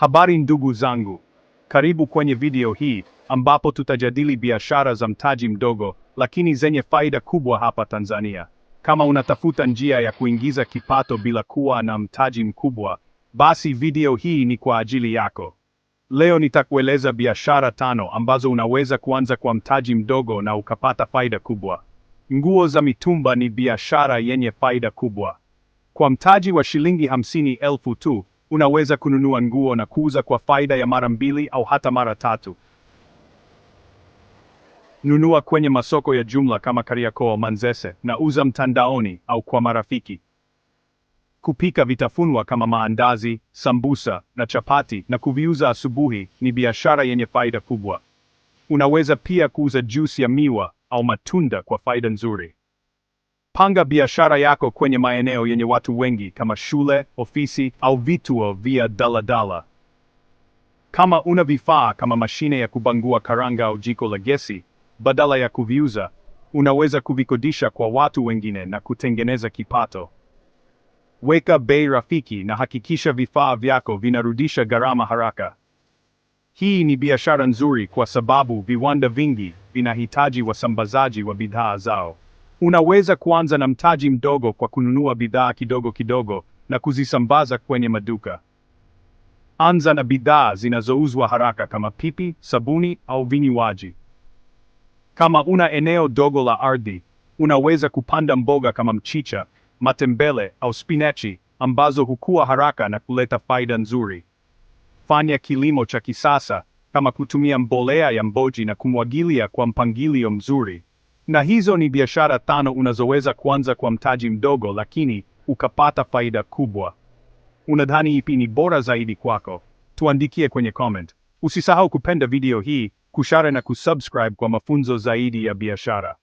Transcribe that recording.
Habari ndugu zangu, karibu kwenye video hii ambapo tutajadili biashara za mtaji mdogo lakini zenye faida kubwa hapa Tanzania. Kama unatafuta njia ya kuingiza kipato bila kuwa na mtaji mkubwa, basi video hii ni kwa ajili yako. Leo nitakueleza biashara tano ambazo unaweza kuanza kwa mtaji mdogo na ukapata faida kubwa. Nguo za mitumba ni biashara yenye faida kubwa. Kwa mtaji wa shilingi hamsini elfu tu unaweza kununua nguo na kuuza kwa faida ya mara mbili au hata mara tatu. Nunua kwenye masoko ya jumla kama Kariakoo, Manzese na uza mtandaoni au kwa marafiki. Kupika vitafunwa kama maandazi, sambusa na chapati na kuviuza asubuhi ni biashara yenye faida kubwa. Unaweza pia kuuza juisi ya miwa au matunda kwa faida nzuri. Panga biashara yako kwenye maeneo yenye watu wengi kama shule, ofisi au vituo vya daladala. Kama una vifaa kama mashine ya kubangua karanga au jiko la gesi, badala ya kuviuza, unaweza kuvikodisha kwa watu wengine na kutengeneza kipato. Weka bei rafiki na hakikisha vifaa vyako vinarudisha gharama haraka. Hii ni biashara nzuri kwa sababu viwanda vingi vinahitaji wasambazaji wa bidhaa zao. Unaweza kuanza na mtaji mdogo kwa kununua bidhaa kidogo kidogo na kuzisambaza kwenye maduka. Anza na bidhaa zinazouzwa haraka kama pipi, sabuni au vinywaji. Kama una eneo dogo la ardhi, unaweza kupanda mboga kama mchicha, matembele au spinachi ambazo hukua haraka na kuleta faida nzuri. Fanya kilimo cha kisasa kama kutumia mbolea ya mboji na kumwagilia kwa mpangilio mzuri. Na hizo ni biashara tano unazoweza kuanza kwa mtaji mdogo, lakini ukapata faida kubwa. Unadhani ipi ni bora zaidi kwako? Tuandikie kwenye comment. Usisahau kupenda video hii, kushare na kusubscribe kwa mafunzo zaidi ya biashara.